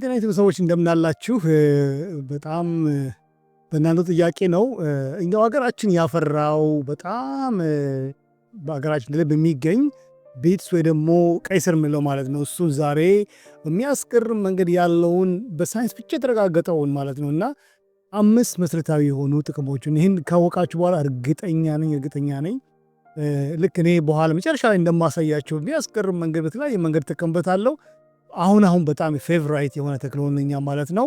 ጤና ጤና ሰዎች እንደምናላችሁ። በጣም በእናንተ ጥያቄ ነው እኛው ሀገራችን ያፈራው በጣም በሀገራችን ላይ በሚገኝ ቤትስ ወይ ደግሞ ቀይ ስር ማለት ነው። እሱ ዛሬ በሚያስገርም መንገድ ያለውን በሳይንስ ብቻ የተረጋገጠውን ማለት ነው እና አምስት መሰረታዊ የሆኑ ጥቅሞችን ይህን ካወቃችሁ በኋላ እርግጠኛ ነኝ እርግጠኛ ነኝ ልክ እኔ በኋላ መጨረሻ ላይ እንደማሳያቸው የሚያስገርም መንገድ በተለያየ መንገድ እጠቀምበታለሁ። አሁን አሁን በጣም ፌቨራይት የሆነ ተክል ሆነኛ ማለት ነው።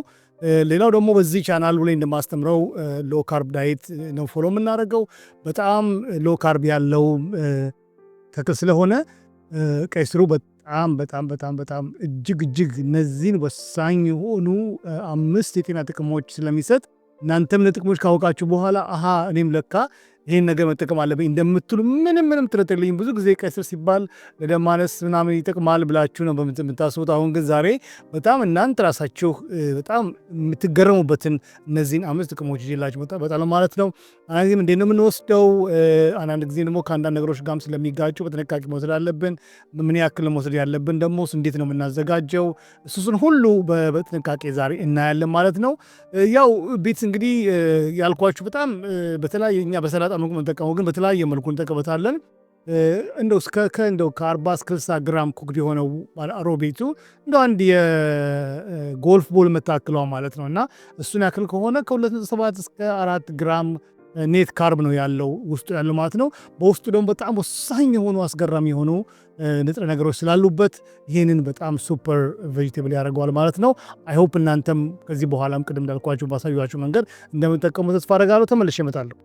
ሌላው ደግሞ በዚህ ቻናል ላይ እንደማስተምረው ሎ ካርብ ዳይት ነው ፎሎ የምናደርገው። በጣም ሎ ካርብ ያለው ተክል ስለሆነ ቀይ ስሩ በጣም በጣም በጣም በጣም እጅግ እጅግ እነዚህን ወሳኝ የሆኑ አምስት የጤና ጥቅሞች ስለሚሰጥ እናንተም ለጥቅሞች ካወቃችሁ በኋላ አሃ እኔም ለካ ይህን ነገር መጠቀም አለብኝ እንደምትሉ ምንም ምንም ጥርጥር ብዙ ጊዜ ቀስር ሲባል ለደም ማነስ ምናምን ይጠቅማል ብላችሁ ነው የምታስቡት። አሁን ግን ዛሬ በጣም እናንተ ራሳችሁ በጣም የምትገረሙበትን እነዚህን አምስት ጥቅሞች ይዤላችሁ መጣሁ ማለት ነው። አናዚም እንዴት ነው የምንወስደው? አንዳንድ ጊዜ ደግሞ ከአንዳንድ ነገሮች ጋም ስለሚጋጩ በጥንቃቄ መውሰድ አለብን። ምን ያክል መውሰድ ያለብን ደግሞ እንዴት ነው የምናዘጋጀው? እሱሱን ሁሉ በጥንቃቄ ዛሬ እናያለን ማለት ነው። ያው ቤት እንግዲህ ያልኳችሁ በጣም በተለያየ እኛ በሰላጣ በጣም ነው የምንጠቀመው፣ ግን በተለያየ መልኩ እንጠቀበታለን። እንደው እንደው ከአርባ እስከ ስልሳ ግራም ኩክድ የሆነው ሮቤቱ እንደ አንድ የጎልፍ ቦል መታክለዋ ማለት ነው እና እሱን ያክል ከሆነ ከ2.7 እስከ አራት ግራም ኔት ካርብ ነው ያለው ውስጡ ያለው ማለት ነው። በውስጡ ደግሞ በጣም ወሳኝ የሆኑ አስገራሚ የሆኑ ንጥረ ነገሮች ስላሉበት ይህንን በጣም ሱፐር ቬጅቴብል ያደርገዋል ማለት ነው። አይሆፕ እናንተም ከዚህ በኋላም ቅድም እንዳልኳችሁ ባሳዩችሁ መንገድ እንደምንጠቀሙ ተስፋ አደርጋለሁ። ተመልሼ እመጣለሁ።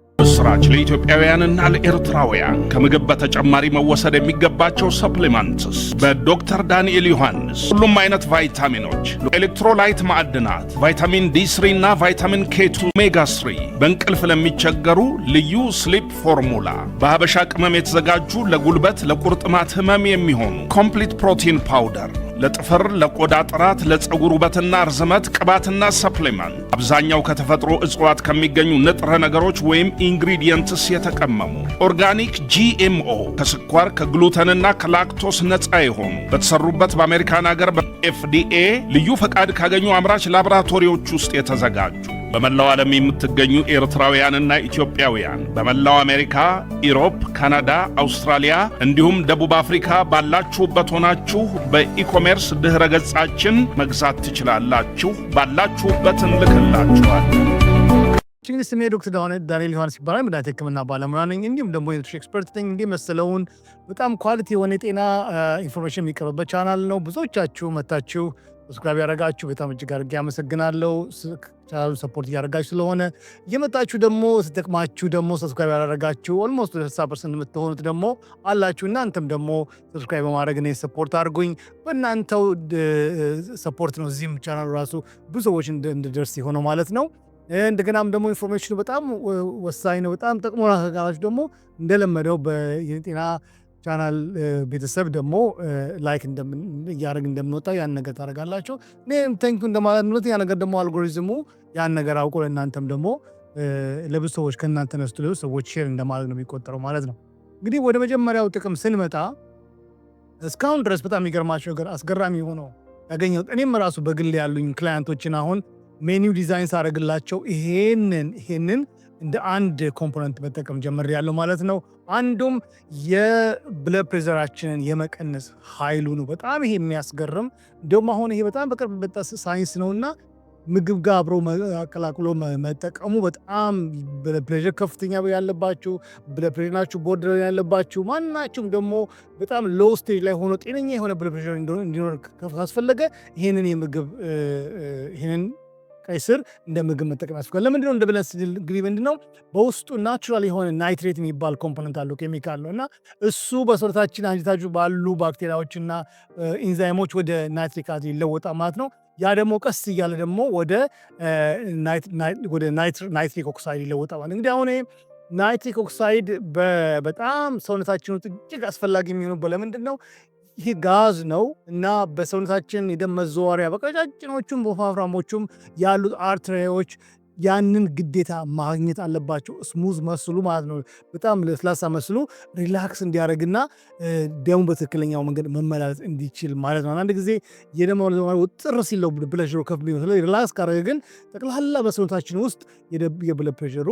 ለምስራች ለኢትዮጵያውያንና ለኤርትራውያን ከምግብ በተጨማሪ መወሰድ የሚገባቸው ሰፕሊመንትስ በዶክተር ዳንኤል ዮሐንስ። ሁሉም አይነት ቫይታሚኖች፣ ኤሌክትሮላይት፣ ማዕድናት፣ ቫይታሚን ዲ3 እና ቫይታሚን ኬ2፣ 3 በእንቅልፍ ለሚቸገሩ ልዩ ስሊፕ ፎርሙላ በሀበሻ ቅመም የተዘጋጁ ለጉልበት ለቁርጥማት ህመም የሚሆኑ ኮምፕሊት ፕሮቲን ፓውደር ለጥፍር፣ ለቆዳ ጥራት፣ ለፀጉር ውበትና ርዝመት ቅባትና ሰፕሊመንት አብዛኛው ከተፈጥሮ እጽዋት ከሚገኙ ንጥረ ነገሮች ወይም ኢንግሪዲየንትስ የተቀመሙ ኦርጋኒክ፣ ጂኤምኦ፣ ከስኳር ከግሉተንና ከላክቶስ ነፃ የሆኑ በተሰሩበት በአሜሪካን ሀገር በኤፍዲኤ ልዩ ፈቃድ ካገኙ አምራች ላቦራቶሪዎች ውስጥ የተዘጋጁ በመላው ዓለም የምትገኙ ኤርትራውያንና ኢትዮጵያውያን በመላው አሜሪካ፣ ኢሮፕ፣ ካናዳ፣ አውስትራሊያ እንዲሁም ደቡብ አፍሪካ ባላችሁበት ሆናችሁ በኢኮሜርስ ድኅረ ገጻችን መግዛት ትችላላችሁ። ባላችሁበት እንልክላችኋለን። ስሜ ዶክተር ዳንኤል ዮሐንስ ይባላል። መድኃኒት ሕክምና ባለሙያ ነኝ። እንዲሁም ደግሞ የኑትሪሽን ኤክስፐርት ነኝ። እንዲህ መሰለውን በጣም ኳሊቲ የሆነ የጤና ኢንፎርሜሽን የሚቀርብበት ቻናል ነው። ብዙዎቻችሁ መታችሁ ሰብስክራይብ ያደረጋችሁ በጣም እጅግ አድርጌ አመሰግናለሁ። ቻናሉ ሰፖርት እያደረጋችሁ ስለሆነ እየመጣችሁ ደግሞ ስጠቅማችሁ ደግሞ ሰብስክራይብ ያደረጋችሁ ኦልሞስት ወደ 60 ፐርሰንት የምትሆኑት ደግሞ አላችሁ። እናንተም ደግሞ ሰብስክራይብ በማድረግ እኔ ሰፖርት አድርጉኝ። በእናንተው ሰፖርት ነው እዚህም ቻናሉ ራሱ ብዙ ሰዎች እንድደርስ የሆነው ማለት ነው። እንደገናም ደግሞ ኢንፎርሜሽኑ በጣም ወሳኝ ነው። በጣም ጠቅሞ ደግሞ እንደለመደው በጤና ቻናል ቤተሰብ ደግሞ ላይክ እያደረግ እንደምንወጣ ያን ነገር ታደርጋላቸው። እኔም ቴንኪ እንደማለት ያ ነገር ደግሞ አልጎሪዝሙ ያን ነገር አውቆ ለእናንተም ደግሞ ለብዙ ሰዎች ከእናንተ ነስቶ ለብዙ ሰዎች ሼር እንደማድረግ ነው የሚቆጠረው ማለት ነው። እንግዲህ ወደ መጀመሪያው ጥቅም ስንመጣ እስካሁን ድረስ በጣም የሚገርማቸው ነገር አስገራሚ ሆኖ ያገኘው እኔም ራሱ በግል ያሉኝ ክላያንቶችን አሁን ሜኒው ዲዛይን ሳደርግላቸው ይሄንን ይሄንን እንደ አንድ ኮምፖነንት መጠቀም ጀምር ያለው ማለት ነው። አንዱም የብለድ ፕሬዘራችንን የመቀነስ ኃይሉ ነው። በጣም ይሄ የሚያስገርም እንደውም አሁን ይሄ በጣም በቅርብ መጣ ሳይንስ ነው እና ምግብ ጋር አብሮ አቀላቅሎ መጠቀሙ በጣም ብለድ ፕሬዠር ከፍተኛ ያለባችሁ፣ ብለድ ፕሬዠር ናችሁ፣ ቦርደር ያለባችሁ ማናችሁም ደግሞ በጣም ሎው ስቴጅ ላይ ሆኖ ጤነኛ የሆነ ብለድ ፕሬዠር እንዲኖር ካስፈለገ ይህንን የምግብ ይህንን ቀይ ስር እንደ ምግብ መጠቀም ያስፈልጋል። ለምንድነው እንደ ብለን ስል እንግዲህ ምንድነው በውስጡ ናቹራል የሆነ ናይትሬት የሚባል ኮምፖነንት አለው ኬሚካል ነው እና እሱ በሰውነታችን አንጀታች ባሉ ባክቴሪያዎችና ኢንዛይሞች ወደ ናይትሪክ አሲድ ይለወጣል ማለት ነው። ያ ደግሞ ቀስ እያለ ደግሞ ወደ ናይትሪክ ኦክሳይድ ይለወጣል። እንግዲህ አሁን ናይትሪክ ኦክሳይድ በጣም ሰውነታችን ውስጥ እጅግ አስፈላጊ የሚሆኑበት ለምንድን ነው ይህ ጋዝ ነው እና በሰውነታችን የደም መዘዋወሪያ በቀጫጭኖቹም በወፋፍራሞቹም ያሉት አርትሬዎች ያንን ግዴታ ማግኘት አለባቸው። ስሙዝ መስሉ ማለት ነው። በጣም ለስላሳ መስሉ ሪላክስ እንዲያደርግና ደሙ በትክክለኛው መንገድ መመላለስ እንዲችል ማለት ነው። አንዳንድ ጊዜ የደም ውጥር ሲለው ብለሽሮ ከፍ ቢመስለ ሪላክስ ካደረገ ግን ጠቅላላ በሰውነታችን ውስጥ የብለ ፕሬሽሩ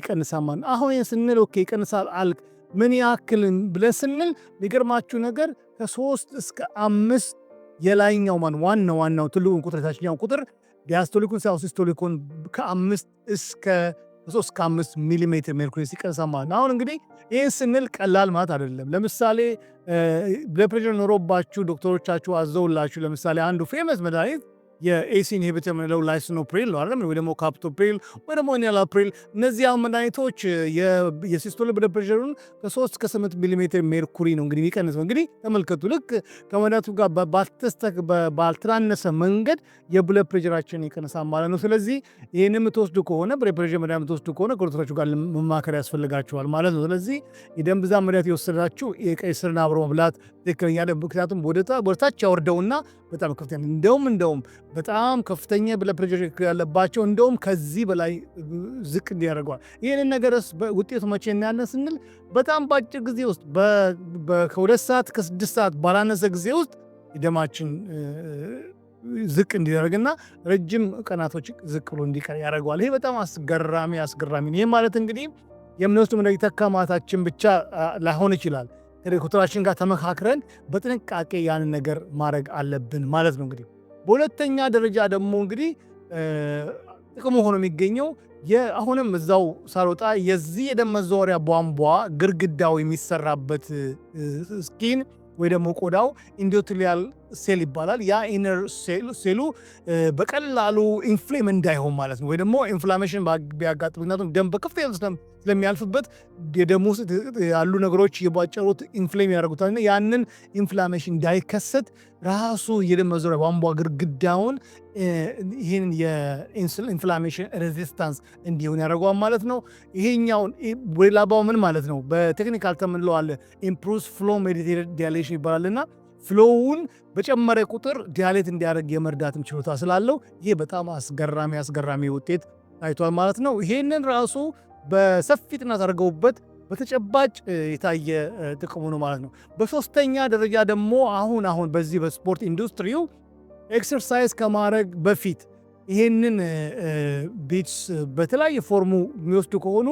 ይቀንሳል ማለት ነው። አሁን ስንል ኦኬ ይቀንሳል አልክ ምን ያክል ብለ ስንል የሚገርማችሁ ነገር ከሶስት እስከ አምስት የላይኛው ማን ዋና ዋናው ትልቁን ቁጥር የታችኛው ቁጥር ዲያስቶሊኩን ሳይሆን ከአምስት እስከ ከሶስት ከአምስት ሚሊሜትር ሜርኩሪ ሲቀንሳ ማለት ነው። አሁን እንግዲህ ይህን ስንል ቀላል ማለት አይደለም። ለምሳሌ ብለፕሬሽር ኖሮባችሁ ዶክተሮቻችሁ አዘውላችሁ ለምሳሌ አንዱ ፌመስ መድኃኒት የኤሲ ኢንሂቢተር የምንለው ላይሶኖፕሪል ነው አይደለም ወይ ደግሞ ካፕቶፕሪል ወይ ደግሞ ኒላፕሪል። እነዚያ መድኃኒቶች የሲስቶል ብለድ ፕሬሸሩን ከ3 እስከ 8 ሚሊሜትር ሜርኩሪ ነው እንግዲህ የሚቀንሰው። እንግዲህ ተመልከቱ፣ ልክ ከመድኃኒቱ ጋር ባልተናነሰ መንገድ የብለድ ፕሬሸራችን ይቀንሳል ማለት ነው። ስለዚህ ይህን የምትወስዱ ከሆነ ብለድ ፕሬሸር መድኃኒት የምትወስዱ ከሆነ ከዶክተራችሁ ጋር መማከር ያስፈልጋችኋል ማለት ነው። ስለዚህ የደም ብዛት መድኃኒት የወሰዳችሁ የቀይ ስርን አብሮ መብላት ትክክለኛ፣ ምክንያቱም ወደታች ያወርደውና በጣም ከፍተኛ እንደውም እንደውም በጣም ከፍተኛ ብለድ ፕሬሸር ያለባቸው እንደውም ከዚህ በላይ ዝቅ እንዲያደርገዋል። ይህንን ነገርስ ውጤቱ መቼ እናያለን ስንል በጣም በአጭር ጊዜ ውስጥ ከሁለት ሰዓት ከስድስት ሰዓት ባላነሰ ጊዜ ውስጥ የደማችን ዝቅ እንዲደረግና ረጅም ቀናቶች ዝቅ ብሎ እንዲቀር ያደርገዋል። ይሄ በጣም አስገራሚ አስገራሚ ነው። ይህ ማለት እንግዲህ የምንወስዱ መድኃኒት ተካማታችን ብቻ ላይሆን ይችላል። ከዶክተራችን ጋር ተመካክረን በጥንቃቄ ያንን ነገር ማድረግ አለብን ማለት ነው እንግዲህ በሁለተኛ ደረጃ ደግሞ እንግዲህ ጥቅሙ ሆኖ የሚገኘው አሁንም እዛው ሳልወጣ የዚህ የደም መዘዋወሪያ ቧንቧ ግርግዳው የሚሰራበት ስኪን ወይ ደግሞ ቆዳው ኢንዶትሪያል ሴል ይባላል። ያ ኢነር ሴሉ በቀላሉ ኢንፍሌም እንዳይሆን ማለት ነው። ወይ ደግሞ ኢንፍላሜሽን ቢያጋጥም ምክንያቱም ደም በከፍተኛ ስለሚያልፍበት የደም ውስጥ ያሉ ነገሮች የቧጨሩት ኢንፍሌም ያደርጉታል ያንን ኢንፍላሜሽን እንዳይከሰት ራሱ የደም መዞሪያ ቧንቧ ግድግዳውን ይህን የኢንፍላሜሽን ሬዚስታንስ እንዲሆን ያደርገዋል ማለት ነው። ይሄኛውን ወላባው ምን ማለት ነው? በቴክኒካል ተምንለዋል ኢምፕሩስ ፍሎ ሜዲቴትድ ዲያሌሽን ይባላልና ፍሎውን በጨመረ ቁጥር ዲያሌት እንዲያደርግ የመርዳትም ችሎታ ስላለው ይሄ በጣም አስገራሚ አስገራሚ ውጤት ታይቷል ማለት ነው። ይሄንን ራሱ በሰፊ ጥናት አድርገውበት በተጨባጭ የታየ ጥቅሙ ነው ማለት ነው። በሶስተኛ ደረጃ ደግሞ አሁን አሁን በዚህ በስፖርት ኢንዱስትሪው ኤክሰርሳይዝ ከማድረግ በፊት ይህንን ቤትስ በተለያየ ፎርሙ የሚወስዱ ከሆኑ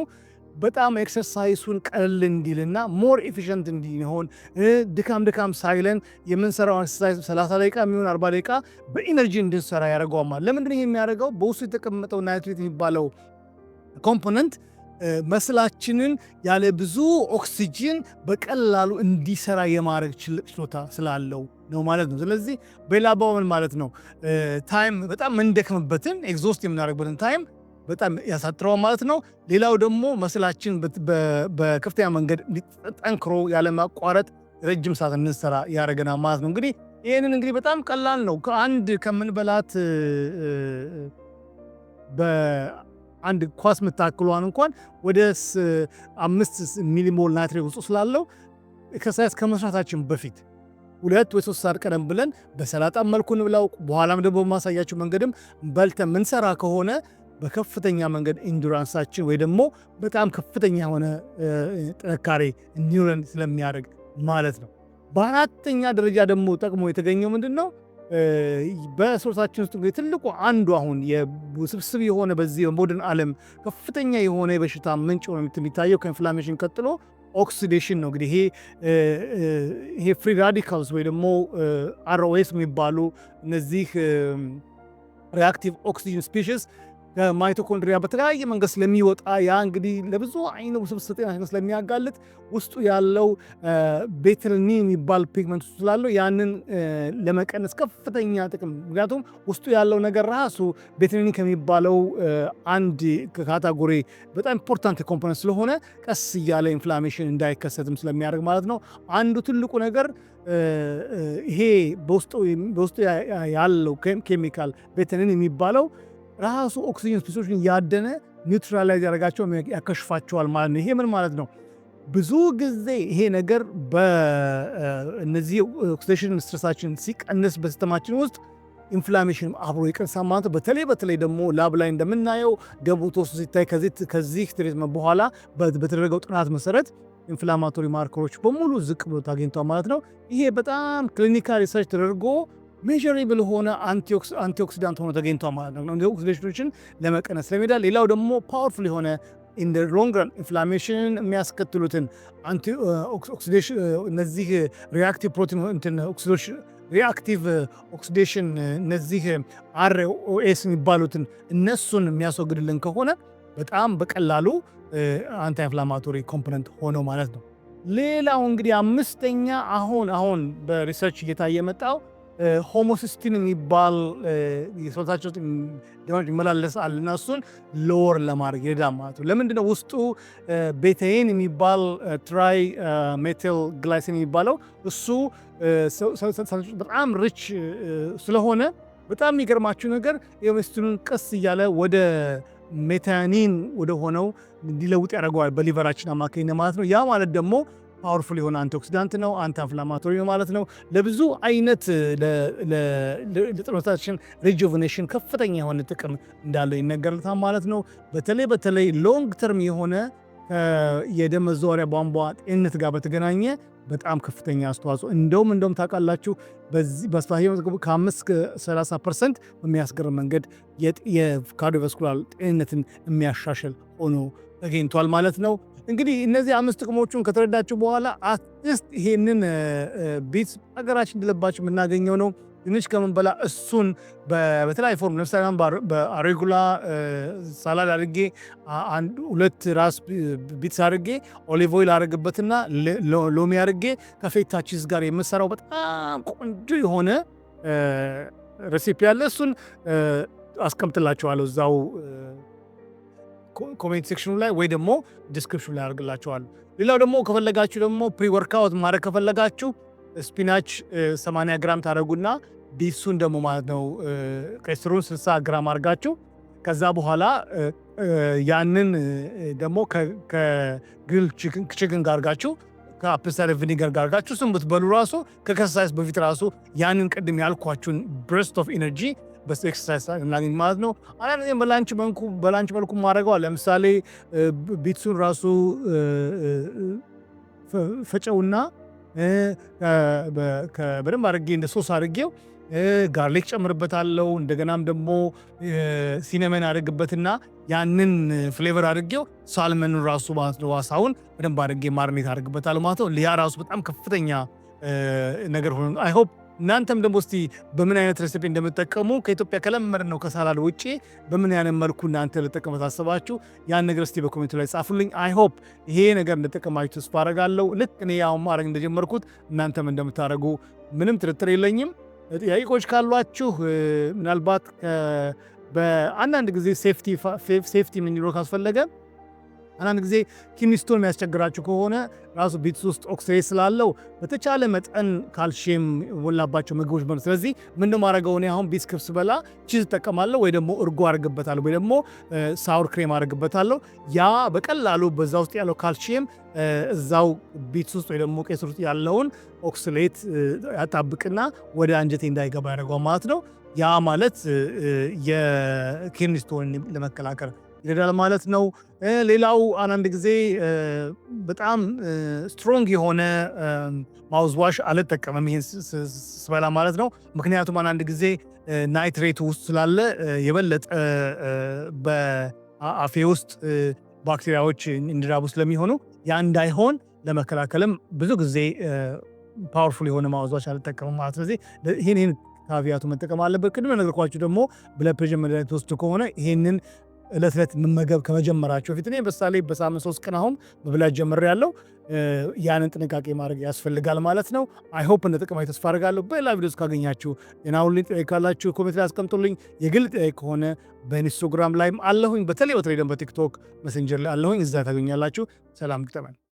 በጣም ኤክሰርሳይሱን ቀለል እንዲልና ሞር ኤፊሽንት እንዲሆን ድካም ድካም ሳይለን የምንሰራው ኤክሰርሳይዝ 30 ደቂቃ የሚሆን 40 ደቂቃ በኢነርጂ እንድንሰራ ያደርገዋማል። ለምንድን ይህ የሚያደርገው በውስጡ የተቀመጠው ናይትሬት የሚባለው ኮምፖነንት መስላችንን ያለ ብዙ ኦክሲጅን በቀላሉ እንዲሰራ የማድረግ ችሎታ ስላለው ነው ማለት ነው። ስለዚህ በላባው ምን ማለት ነው? ታይም በጣም ምንደክምበትን ኤግዞስት የምናደርግበትን ታይም በጣም ያሳጥረዋል ማለት ነው። ሌላው ደግሞ መስላችን በከፍተኛ መንገድ ጠንክሮ ያለማቋረጥ ረጅም ሰዓት እንሰራ ያደረገናል ማለት ነው። እንግዲህ ይህንን እንግዲህ በጣም ቀላል ነው። ከአንድ ከምንበላት በአንድ ኳስ የምታክሏን እንኳን ወደ አምስት ሚሊሞል ናይትሬት ውስጡ ስላለው ከሳያስ ከመስራታችን በፊት ሁለት ወይ ሶስት ሰዓት ቀደም ብለን በሰላጣ መልኩ እንብላው። በኋላም ደግሞ በማሳያችሁ መንገድም በልተ ምንሰራ ከሆነ በከፍተኛ መንገድ ኢንዱራንሳችን ወይ ደግሞ በጣም ከፍተኛ የሆነ ጥንካሬ እንዲኖረን ስለሚያደርግ ማለት ነው። በአራተኛ ደረጃ ደግሞ ጠቅሞ የተገኘው ምንድን ነው? በሶርሳችን ውስጥ እንግዲህ ትልቁ አንዱ አሁን የስብስብ የሆነ በዚህ የሞደርን ዓለም ከፍተኛ የሆነ የበሽታ ምንጭ ሆነ የሚታየው ከኢንፍላሜሽን ቀጥሎ ኦክሲዴሽን ነው እንግዲህ ይሄ ፍሪ ራዲካልስ ወይ ደግሞ አርኦኤስ የሚባሉ እነዚህ ሪአክቲቭ ኦክሲጅን ስፔሽስ ከማይቶኮንድሪያ በተለያየ መንገድ ስለሚወጣ ያ እንግዲህ ለብዙ አይነ ውስብስብ ጤና ስለሚያጋልጥ ውስጡ ያለው ቤትልኒ የሚባል ፒግመንት ስላለው ያንን ለመቀነስ ከፍተኛ ጥቅም። ምክንያቱም ውስጡ ያለው ነገር ራሱ ቤትልኒ ከሚባለው አንድ ካታጎሪ በጣም ኢምፖርታንት ኮምፖነንት ስለሆነ ቀስ እያለ ኢንፍላሜሽን እንዳይከሰትም ስለሚያደርግ ማለት ነው። አንዱ ትልቁ ነገር ይሄ በውስጡ ያለው ኬሚካል ቤትልኒ የሚባለው ራሱ ኦክሲጅን ስፔሶችን ያደነ ኒውትራላይዝ ያደረጋቸው ያከሽፋቸዋል ማለት ነው። ይሄ ምን ማለት ነው? ብዙ ጊዜ ይሄ ነገር በእነዚህ ኦክሲዴሽን ስትረሳችን ሲቀንስ በሲስተማችን ውስጥ ኢንፍላሜሽን አብሮ ይቀንሳ ማለት ነው። በተለይ በተለይ ደግሞ ላብ ላይ እንደምናየው ደም ተወስዶ ሲታይ ከዚህ ትሪትመንት በኋላ በተደረገው ጥናት መሰረት ኢንፍላማቶሪ ማርከሮች በሙሉ ዝቅ ብሎ ታገኝቷል ማለት ነው። ይሄ በጣም ክሊኒካል ሪሰርች ተደርጎ ሜዥሬብል ሆነ አንቲኦክሲዳንት ሆኖ ተገኝቶ ማለት ነው። ኦክሲዴሽኖችን ለመቀነስ ስለሚሄዳል። ሌላው ደግሞ ፓወርፉል የሆነ ኢን ሎንግ ረን ኢንፍላሜሽንን የሚያስከትሉትን uh, uh, እነዚህ ሪአክቲቭ ፕሮቲን ሪአክቲቭ ኦክሲዴሽን እነዚህ አር ኦ ኤስ የሚባሉትን እነሱን የሚያስወግድልን ከሆነ በጣም በቀላሉ አንቲ ኢንፍላማቶሪ ኮምፖነንት ሆኖ ማለት ነው። ሌላው እንግዲህ አምስተኛ አሁን አሁን በሪሰርች እየታየ የመጣው ሆሞሲስቲን የሚባል የሰውነታቸው ይመላለስ አለ እና እሱን ሎወር ለማድረግ ይረዳ ማለት ነው። ነው ውስጡ ቤቴይን የሚባል ትራይ ሜቴል ግላይሲን የሚባለው እሱ በጣም ሪች ስለሆነ በጣም የሚገርማችሁ ነገር የሆሞሲስቲኑን ቀስ እያለ ወደ ሜታኒን ወደሆነው እንዲለውጥ ያደርገዋል በሊቨራችን አማካኝነት ማለት ነው። ያ ማለት ደግሞ ፓወርፉል የሆነ አንቲኦክሲዳንት ነው፣ አንቲ ኢንፍላማቶሪ ነው ማለት ነው። ለብዙ አይነት ለጥርታችን ሪጁቨኔሽን ከፍተኛ የሆነ ጥቅም እንዳለው ይነገርታ ማለት ነው። በተለይ በተለይ ሎንግ ተርም የሆነ የደም መዘዋወሪያ ቧንቧ ጤንነት ጋር በተገናኘ በጣም ከፍተኛ አስተዋጽኦ እንደውም እንደውም ታውቃላችሁ በዚህ ከአምስት 30 ፐርሰንት በሚያስገርም መንገድ የካርዲዮቫስኩላር ጤንነትን የሚያሻሽል ሆኖ ተገኝቷል ማለት ነው። እንግዲህ እነዚህ አምስት ጥቅሞቹን ከተረዳችሁ በኋላ አትሊስት ይሄንን ቤት ሀገራችን ድለባችሁ የምናገኘው ነው። ድንች ከምንበላ እሱን በተለያዩ ፎርም ለምሳሌ በአሬጉላ ሳላድ አድርጌ ሁለት ራስ ቢትስ አድርጌ ኦሊቭ ኦይል አድርግበትና ሎሚ አድርጌ ከፌታ ቺዝ ጋር የምሰራው በጣም ቆንጆ የሆነ ሬሲፒ ያለ እሱን አስቀምጥላችኋለሁ እዛው ኮሜንት ሴክሽኑ ላይ ወይ ደግሞ ዲስክሪፕሽኑ ላይ ያደርግላችኋል። ሌላው ደግሞ ከፈለጋችሁ ደግሞ ፕሪ ማድረግ ከፈለጋችሁ ስፒናች 80 ግራም ታደረጉና ቢሱን ደግሞ ማለት ነው ቀስሩን 60 ግራም አድርጋችሁ ከዛ በኋላ ያንን ደግሞ ከግል ችግን ጋር አድርጋችሁ ከአፕል ቪኒገር ጋር አድርጋችሁ ስም ብትበሉ ራሱ ከከሳይስ በፊት ራሱ ያንን ቅድም ያልኳችሁን ብሬስት ኦፍ ኢነርጂ በኤክሰርሳይዝ እናገኝ ማለት ነው። አንዳንድ በላንች መልኩ በላንች መልኩ ማድረገዋል። ለምሳሌ ቢትሱን ራሱ ፈጨውና በደንብ አድርጌ እንደ ሶስ አድርጌው ጋርሊክ ጨምርበታለው። እንደገናም ደግሞ ሲነመን አድርግበትና ያንን ፍሌቨር አድርጌው ሳልመኑን ራሱ ማለት ነው ዋሳውን በደንብ አድርጌ ማርኔት አድርግበታለሁ ማለት ነው። ያ ራሱ በጣም ከፍተኛ ነገር ሆኖ አይ ሆፕ እናንተም ደግሞ እስቲ በምን አይነት ረሲፒ እንደምጠቀሙ ከኢትዮጵያ ከለመድ ነው ከሳላል ውጭ በምን ያለ መልኩ እናንተ ልጠቀመት አስባችሁ ያን ነገር እስቲ በኮሜንቱ ላይ ጻፉልኝ። አይ ሆፕ ይሄ ነገር እንደጠቀማችሁ ተስፋ አረጋለሁ። ልክ እኔ ያው ማድረግ እንደጀመርኩት እናንተም እንደምታደረጉ ምንም ትርትር የለኝም። ጥያቄዎች ካሏችሁ ምናልባት በአንዳንድ ጊዜ ሴፍቲ ምን ካስፈለገ አንዳንድ ጊዜ ኪኒስቶን የሚያስቸግራችሁ ከሆነ ራሱ ቤት ውስጥ ኦክስሬ ስላለው በተቻለ መጠን ካልሽየም ወላባቸው ምግቦች በሉ። ስለዚህ ምን ማድረገው እኔ አሁን ቢስክፍ ስበላ ቺዝ እጠቀማለሁ ወይ ደግሞ እርጎ አድርግበታለሁ ወይ ደግሞ ሳውር ክሬም አድርግበታለሁ። ያ በቀላሉ በዛ ውስጥ ያለው ካልሽየም እዛው ቤት ውስጥ ወይ ደግሞ ቄስ ውስጥ ያለውን ኦክስሌት ያጣብቅና ወደ አንጀቴ እንዳይገባ ያደርገዋል ማለት ነው። ያ ማለት የኪድኒ ስቶን ለመከላከል ይረዳል ማለት ነው። ሌላው አንዳንድ ጊዜ በጣም ስትሮንግ የሆነ ማውዝዋሽ አልጠቀምም ይህን ስበላ ማለት ነው። ምክንያቱም አንዳንድ ጊዜ ናይትሬት ውስጥ ስላለ የበለጠ በአፌ ውስጥ ባክቴሪያዎች እንዲራቡ ስለሚሆኑ ያ እንዳይሆን ለመከላከልም ብዙ ጊዜ ፓወርፉል የሆነ ማውዝዋሽ አልጠቀምም ማለት ስለዚህ ይህን ካቪያቱ መጠቀም አለበት። ቅድመ ነገርኳችሁ ደግሞ ብለፕሬሽን መድኃኒት ወስድ ከሆነ ይህንን እለት እለት መመገብ ከመጀመራቸው ፊት እኔ ምሳሌ በሳምንት ሶስት ቀን አሁን መብላት ጀምር ያለው ያንን ጥንቃቄ ማድረግ ያስፈልጋል ማለት ነው። አይሆፕ እንደ ጥቅማዊ ተስፋ አድርጋለሁ። በሌላ ቪዲዮ ቪዲዮስ ካገኛችሁ የናሁልኝ ጥያቄ ካላችሁ ኮሜንት ላይ አስቀምጡልኝ። የግል ጥያቄ ከሆነ በኢንስቶግራም ላይም አለሁኝ። በተለይ በተለይ ደግሞ በቲክቶክ መሰንጀር ላይ አለሁኝ። እዛ ታገኛላችሁ። ሰላም ግጠመን